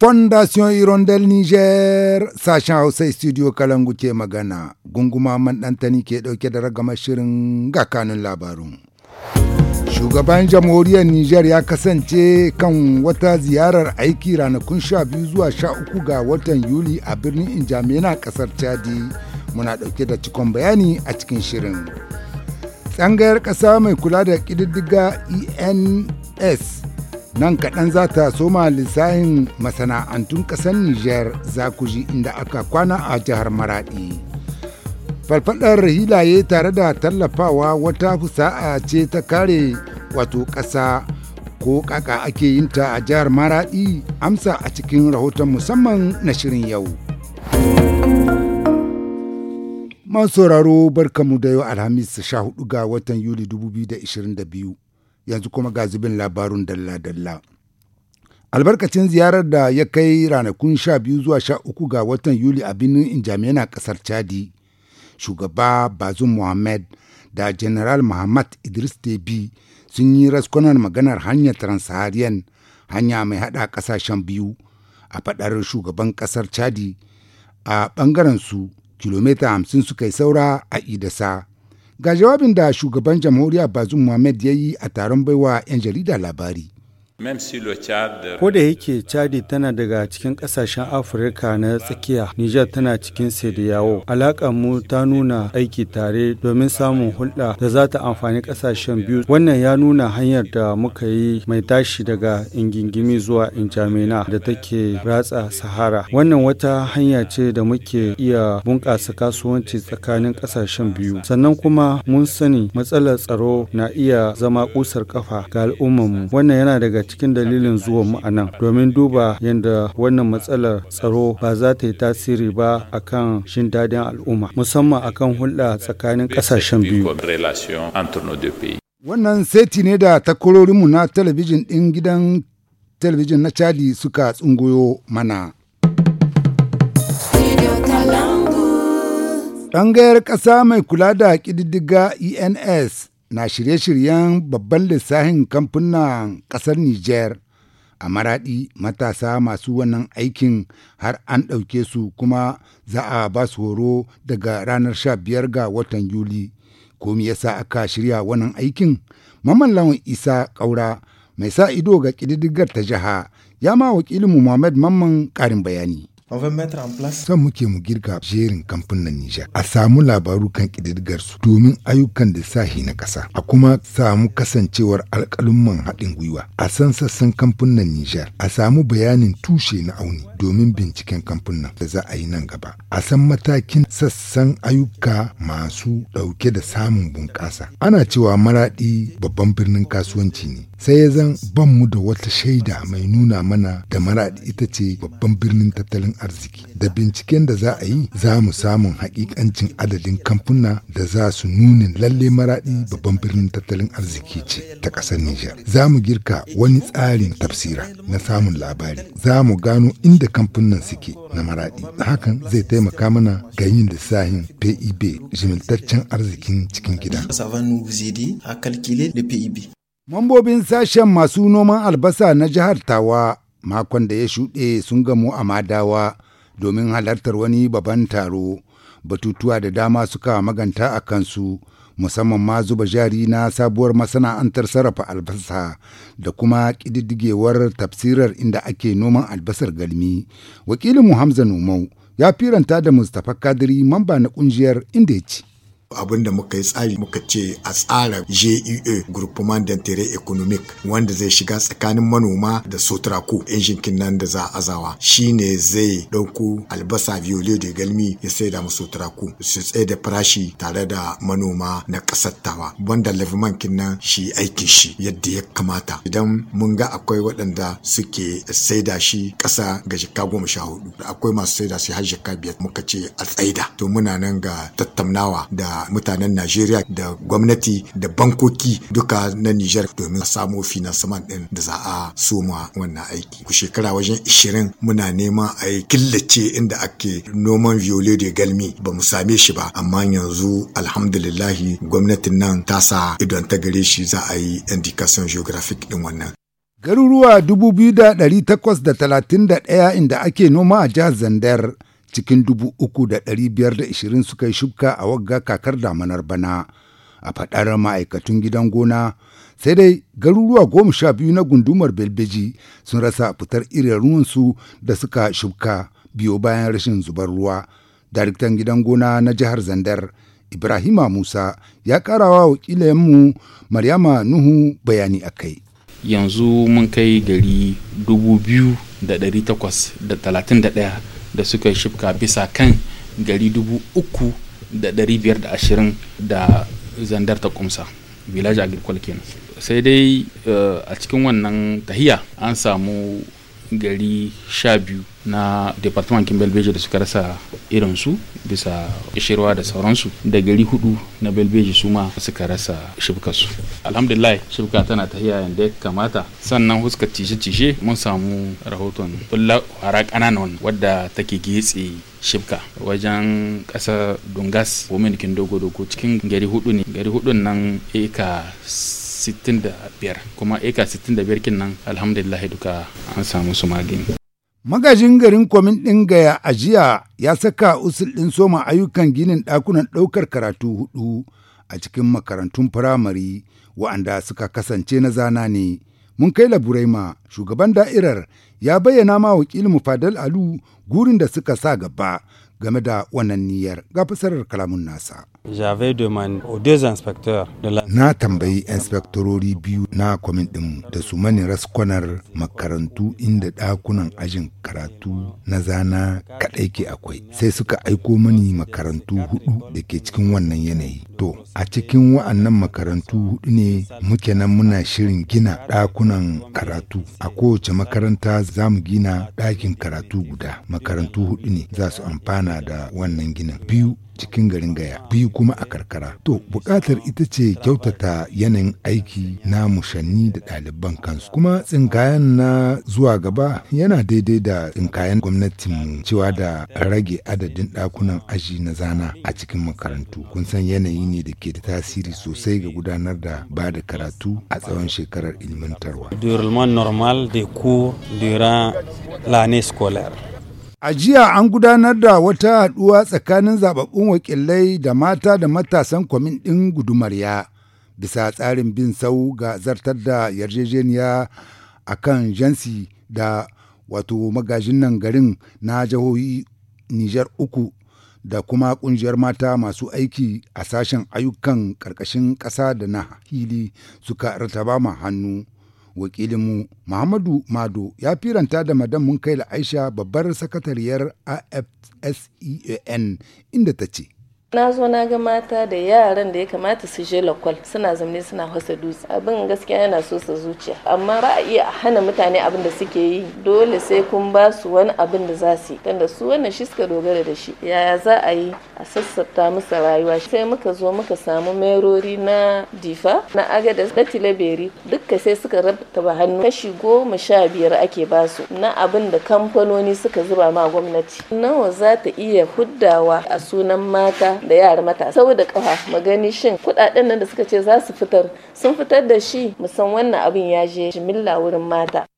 Fondation Irondel Niger sashen Hausa Studio Kalangu ke magana, gunguma man ɗantani ke ɗauke da ragamar shirin ga kanun labarun. Shugaban jamhuriyar Niger ya kasance kan wata ziyarar aiki ranakun sha biyu zuwa sha uku ga watan Yuli a birnin Injamena ƙasar Chadi. Muna ɗauke da cikon bayani a cikin shirin. Tsangayar ƙasa mai kula da ƙididdiga ENS nan kaɗan za ta soma lissahin masana'antun ƙasar Nijar za ku ji inda aka kwana a jihar Maraɗi. Falfaɗar hilaye tare da tallafawa wata fusa'a ce ta kare wato ƙasa ko ƙaƙa ake yin ta a jihar Maraɗi amsa a cikin rahoton musamman na shirin yau. Masu sauraro barkamu da yau Alhamis 14 ga watan Yuli 2022. yanzu kuma ga zubin labarun dalla-dalla. Albarkacin ziyarar da ya kai ranakun sha biyu zuwa sha uku ga watan Yuli a birnin na kasar Chadi, shugaba Bazum Mohammed da General Muhammad Idris Tebi sun yi raskunan maganar hanyar Transaharian hanya mai haɗa ƙasashen biyu a faɗar shugaban ƙasar Chadi a bangaren su kilomita hamsin suka yi saura a Idasa Ga jawabin da shugaban jamhuriya bazum Mohamed ya yi a taron baiwa 'yan jarida labari. Ko da yake Chadi tana daga cikin kasashen Afirka na tsakiya, Nijar tana cikin yawo Alaƙar mu ta nuna aiki tare domin samun hulɗa da za ta amfani kasashen biyu. Wannan ya nuna hanyar da muka yi mai tashi daga ingingimi zuwa injamina da take ratsa Sahara. Wannan wata hanya ce da muke iya bunƙasa kasuwanci tsakanin kasashen biyu. Sannan kuma mun sani matsalar tsaro na iya zama ƙusar kafa ga al'ummarmu. Wannan yana daga cikin dalilin zuwan mu anan domin duba yadda wannan matsalar tsaro ba za ta yi tasiri ba a kan shin dadin al'umma musamman a kan hulɗa tsakanin ƙasashen biyu. Wannan seti ne da takwarorinmu na talabijin ɗin gidan talabijin na Chadi suka tsungoyo mana. Ɗangayar ƙasa mai kula da ƙididdiga ENS na shirye-shiryen babban lissahin kamfunan ƙasar Nijar. A maraɗi matasa masu wannan aikin har an ɗauke su kuma za a ba su horo daga ranar sha biyar ga watan Yuli. Komi sa aka shirya wannan aikin? Maman Lawan Isa Ƙaura mai sa ido ga ƙididdigar ta jiha ya ma wakilin Muhammad Mamman ƙarin bayani. Son muke mu girka jerin kamfunan Nijar a samu labaru kan ƙididdigar su domin ayyukan da sahi na ƙasa a kuma samu kasancewar alƙalumman haɗin gwiwa a san sassan kamfunan Nijar a samu bayanin tushe na auni domin binciken kamfunan da za a yi nan gaba. A san matakin sassan ayyuka masu ɗauke da samun bunƙasa. Ana cewa maraɗi babban birnin kasuwanci ne. Sai ya zan ban mu da wata shaida mai nuna mana da maraɗi ita ce babban birnin tattalin arziki. Da binciken da za a yi za mu samun haƙiƙancin adadin kamfuna da za su nunin lalle maraɗi babban birnin tattalin arziki ce ta ƙasar Nijar. Za mu girka wani tsarin tafsira na samun labari. Za mu gano inda kamfunan suke na maradi hakan zai taimaka mana ga yin lissafin pib jimiltaccen arzikin cikin gida mambobin sashen masu noman albasa na jihar tawa makon da ya shuɗe sun gamu a madawa domin halartar wani babban taro batutuwa da dama suka maganta a kansu musamman ma zuba jari na sabuwar masana'antar sarrafa albasa da kuma ƙididdigewar tafsirar inda ake noman albasar galmi wakilin mu hamza nomau ya firanta da mustapha kadiri mamba na ƙungiyar inda ya ce abin da muka yi tsari muka ce a tsara JEA Groupement d'intérêt économique wanda zai shiga tsakanin manoma da Sotrako injinkin nan da za a azawa ne zai ɗauko albasa violet da galmi ya saida musu Sotrako su tsaye da farashi tare da manoma na ƙasar tawa banda Levman nan shi aikin shi yadda ya kamata idan mun ga akwai waɗanda suke saida shi ƙasa ga jika goma sha hudu akwai masu saida shi har jika biyar muka ce a tsaida to muna nan ga tattaunawa da mutanen Najeriya da gwamnati da bankoki duka na Nijar domin samo finansaman ɗin da za a soma wannan aiki. Ku shekara wajen 20 muna neman a yi killace inda ake noman violet da galmi ba mu same shi ba amma yanzu alhamdulillahi gwamnatin nan ta sa idon ta gare shi za a yi indication geographic ɗin wannan. Garuruwa 2,831 inda ake noma a jihar Zandar. cikin dubu uku da ɗari biyar da ishirin suka yi shubka a wagga kakar damanar bana a faɗar ma'aikatun gidan gona sai dai garuruwa goma sha biyu na gundumar belbeji sun rasa fitar irin ruwansu da suka shubka biyo bayan rashin zubar ruwa daraktan gidan gona na jihar zandar ibrahima musa ya karawa wakilanmu maryama nuhu bayani a kai yanzu mun kai gari dubu da ɗari takwas da talatin da ɗaya da suka yi shifka bisa kan gari dubu uku da dari biyar da ashirin da zandar ta kumsa village agricole kenan sai dai eh, a cikin wannan tahiya an samu gari sha biyu na department kin belbeji da suka rasa irinsu bisa shirwa da sauransu da gari hudu na belbeji su ma suka rasa shibkarsu alhamdulillah shibka tana tahiya yadda ya kamata sannan huska tishe cishe mun samu rahoton bulla hara kananan wadda take getse shibka wajen kasa dungas women kin dogo dogo cikin gari hudu ne gari hudun nan eka 65 kuma eka 65 kin alhamdulillah duka an samu su magani magajin garin kwamin ɗin gaya a jiya ya saka usul ɗin soma ayyukan ginin ɗakunan ɗaukar karatu hudu a cikin makarantun firamare wa'anda suka kasance na zana ne mun kai laburaima shugaban da'irar ya bayyana ma wakilin fadal alu gurin da suka sa gaba game da wannan niyyar ga fasarar kalamun nasa Na tambayi inspektorori biyu na kwamin ɗin da su mani raskwanar makarantu inda ɗakunan ajin karatu na zana kaɗai ke akwai. Sai suka aiko mani makarantu hudu da ke cikin wannan yanayi. To, a cikin wa'annan makarantu hudu ne muke nan muna shirin gina ɗakunan karatu. A kowace makaranta za mu gina ɗakin karatu guda. Makarantu hudu ne za su amfana da wannan ginin. Biyu cikin garin gaya biyu kuma a karkara to bukatar ita ce kyautata yanayin aiki na mushanni da ɗaliban kansu kuma tsinkayan na zuwa gaba yana daidai da tsinkayen gwamnatin cewa da rage adadin ɗakunan aji na zana a cikin makarantu kun san yanayi ne da ke da tasiri sosai ga gudanar da ba da karatu a tsawon shekarar ilmantarwa. Durement normal de cours durant l'année scolaire. A jiya an gudanar da wata haɗuwa tsakanin zababbun wakilai da mata da matasan kwamin ɗin gudumarya bisa tsarin bin sau ga zartar da yarjejeniya a kan jansi da wato magajin nan garin na jihohi Nijar uku da kuma ƙungiyar mata masu aiki a sashen ayyukan ƙarƙashin ƙasa da na hili suka rataba ma hannu. wakilinmu muhammadu mado ya firanta da madan kai aisha babbar sakatariyar afsean inda ta ce na zo na ga mata da yaran da ya kamata su je lakwal suna zamne suna hasa dutse abin gaskiya yana so sa zuciya amma ra'ayi a hana mutane abin da suke yi dole sai kun ba su wani abin da za su yi tunda su wannan shi suka dogara da shi yaya za a yi a sassabta masa rayuwa sai muka zo muka samu merori na difa na agadas na tilaberi dukka sai suka rabtaba hannu kashi goma sha biyar ake basu na abin da kamfanoni suka zuba ma gwamnati nawa za ta iya huddawa a sunan mata da yara matasa saboda kafa magani shin kudaden nan da suka ce za su fitar sun fitar da shi musan wannan abin ya je jimilla wurin mata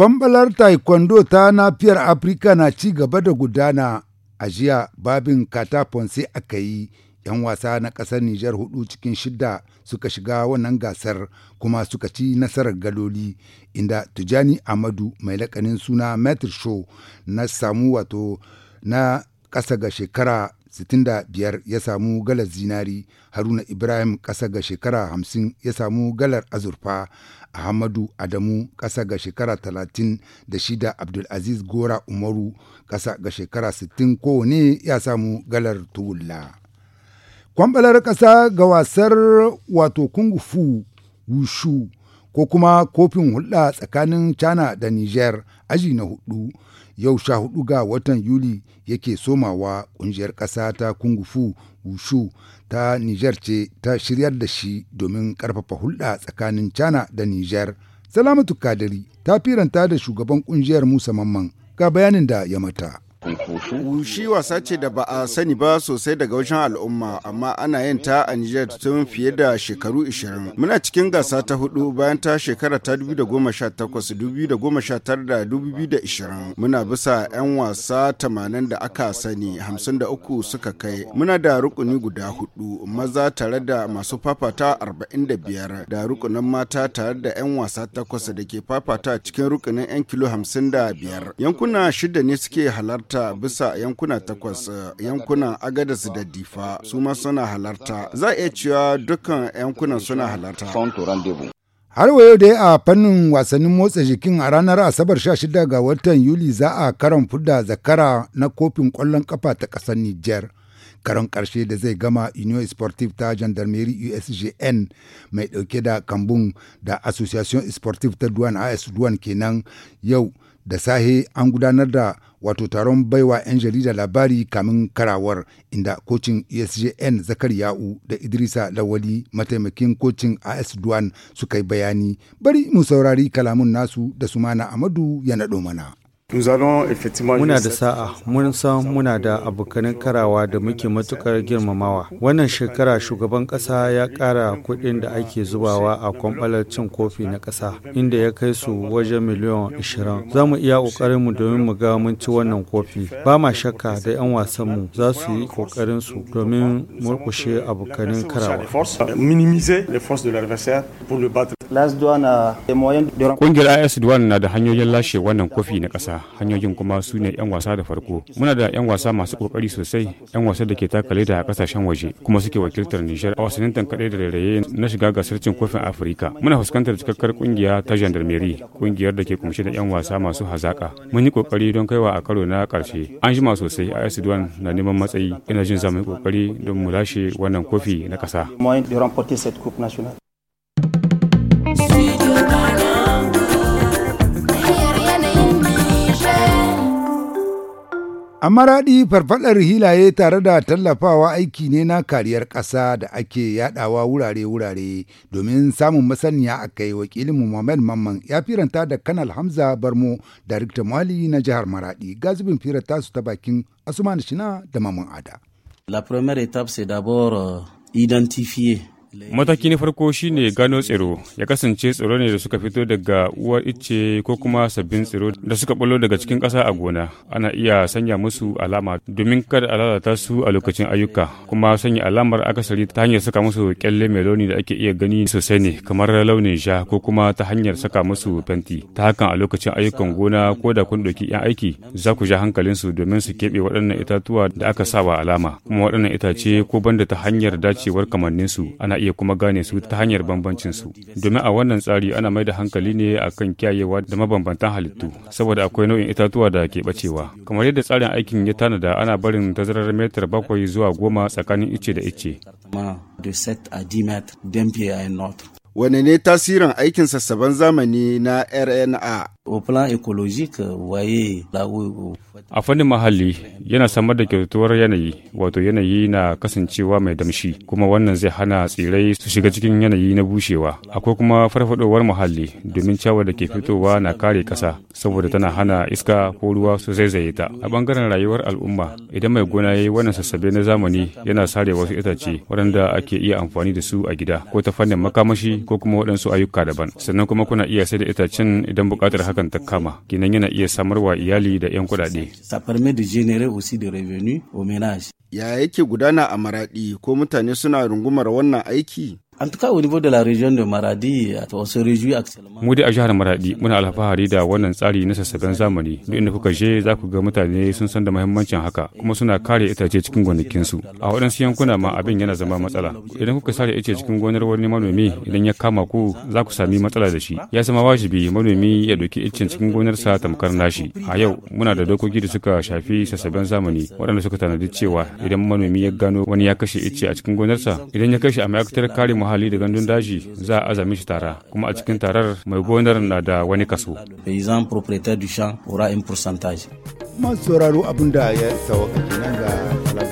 Kwambalar taekwondo ta nafiyar Afirka na ci gaba da gudana a jiya babin katafon sai aka yi 'yan wasa na ƙasar Nijar hudu cikin shida suka shiga wannan gasar kuma suka ci nasarar galoli inda Tijani Amadu mai lakanin suna Metro Show na samu wato na ƙasa ga shekara 65 ya samu galar zinari haruna ibrahim ƙasa ga shekara 50 ya samu galar azurfa ahmadu adamu ƙasa ga shekara talatin da shida abdulaziz gora umaru ƙasa ga shekara 60 kowane ya samu galar tugulla kwambalar ƙasa ga wasar wato kungufu fu wushu ko kuma kofin hulɗa tsakanin china da niger aji na hudu yau sha hudu ga watan yuli yake somawa kungiyar ƙasa ta kungufu wushu ta niger ce ta shiryar da shi domin ƙarfafa hulɗa tsakanin china da niger salamatu kadiri ta firanta da shugaban kungiyar musa mamman ga bayanin da ya mata Wushi wasa ce da ba a sani ba sosai daga wajen al'umma amma ana yin ta a Nijar tun fiye da shekaru 20. Muna cikin gasa ta hudu bayan ta shekara ta 2018, 2019 Muna bisa 'yan wasa 80 da aka sani 53 suka kai. Muna da rukuni guda hudu maza tare da masu fafata 45 da rukunin mata tare da 'yan wasa takwas da ke fafata cikin rukunin 'yan kilo 55. Yankuna shida ne suke halarta halarta bisa yankuna takwas eh, yankuna agadas da difa su ma suna halarta za a iya cewa dukkan yankunan suna halarta har wa yau dai a fannin wasannin motsa jikin a ranar asabar 16 ga watan yuli za a karan fudda zakara na kofin kwallon kafa ta kasar niger karon karshe da zai gama union sportive ta gendarmerie usgn mai dauke da kambun da association sportive ta duwan as duwan kenan yau da sahe an gudanar da wato taron baiwa 'yan jarida labari kamin karawar inda kocin esjn zakar ya'u da idrisa lawali mataimakin kocin as duan suka yi bayani bari mu saurari kalamun nasu da sumana amadu ya naɗo mana Muna da sa'a, mun san muna da abokanin karawa da muke matukar girmamawa. Wannan shekara shugaban ƙasa ya ƙara kuɗin da ake zubawa a kwamfalar cin kofi na ƙasa, inda ya kai su wajen miliyan 20. Za mu iya ƙoƙarinmu domin mu ga mun ci wannan kofi. Ba ma shakka da 'yan wasanmu za su yi ƙoƙarinsu domin murƙushe abokanin karawa. Kungiyar is duwan na da hanyoyin lashe wannan kofi na kasa hanyoyin kuma su ne 'yan wasa da farko. Muna da 'yan wasa masu ƙoƙari sosai, 'yan wasa da ke leda da kasashen waje, kuma suke wakiltar nishar a wasannin tankaɗe da rairaye na shiga gasar cin kofin Afirka. Muna fuskantar cikakkar kungiya ta gendarmerie, kungiyar da ke kumshe da 'yan wasa masu hazaƙa. Mun yi ƙoƙari don kaiwa a karo na karshe An jima sosai is duwan na neman matsayi, ina jin za yi ƙoƙari don mu lashe wannan kofi na ƙasa. A maraɗi farfaɗar hilaye tare da tallafawa aiki ne na kariyar ƙasa da ake yaɗawa wurare-wurare domin samun masaniya a kai wakilin Muhammad Mamman ya firanta da Kanal Hamza Barmo da Rikta Mali na jihar Maraɗi gazibin firanta su ta bakin Asuman Shina da Mamman Ada. La première étape c'est d'abord euh, identifier Mataki na farko shine gano tsiro, ya kasance tsiro ne da suka fito daga uwar ice ko kuma sabbin tsiro da suka bolo daga cikin ƙasa a gona. Ana iya sanya musu alama domin kada a lalata su a lokacin ayyuka, kuma sanya alamar akasari ta hanyar saka musu kyalle mai launi da ake iya gani sosai ne kamar launin sha ko kuma ta hanyar saka musu fenti. Ta hakan a lokacin ayyukan gona ko da kun ɗauki 'yan aiki za ku ja su domin su keɓe waɗannan itatuwa da aka sa wa alama, kuma waɗannan itace ko banda ta hanyar dacewar kamanninsu ana iya kuma gane su ta hanyar bambancin su domin a wannan tsari ana mai da hankali ne akan kiyayewa da mabambantan halittu saboda akwai nau'in itatuwa da ke bacewa kamar yadda tsarin aikin ya tanada ana barin tazarar metar bakwai zuwa goma tsakanin ice da ice wane ne tasirin aikin sassaban zamani na rna a fannin muhalli yana samar da kyautuwar yanayi wato yanayi na kasancewa mai damshi kuma wannan zai hana tsirai su shiga cikin yanayi na bushewa akwai kuma farfadowar muhalli domin ciyawar da ke fitowa na kare kasa saboda tana hana iska ko ruwa su zaizaye ta a bangaren rayuwar al'umma idan mai gona ya yi wannan sassabe na zamani yana sare wasu itace waɗanda ake iya amfani da su a gida ko ta fannin makamashi ko kuma waɗansu ayyuka daban sannan kuma kuna iya sai da itacen idan buƙatar hakan ta kama kinan yana iya samar wa iyali da 'yan kuɗaɗe. Ya yake gudana a maraɗi ko mutane suna rungumar wannan aiki? an tuka au niveau de la région de Maradi euh, on se réjouit actuellement mu dai a jihar Maradi muna alfahari da wannan tsari na sassaben zamani duk inda kuka je za ku ga mutane sun san da muhimmancin haka kuma suna kare itace cikin gonakin a waɗansu yankuna ma abin yana zama matsala idan kuka sare ice cikin gonar wani manomi idan ya kama ku za ku sami matsala da shi ya zama wajibi manomi ya doki icen cikin gonarsa tamkar nashi a yau muna da dokoki da suka shafi sassaben zamani waɗanda suka tanadi cewa idan manomi ya gano wani ya kashe itace a cikin gonarsa idan ya kashe a ma'aikatar kare muhalli da gandun daji za a azami shi tara kuma a cikin tarar mai gonar na da wani kaso. Ma sauraro abin da ya sawa kenan ga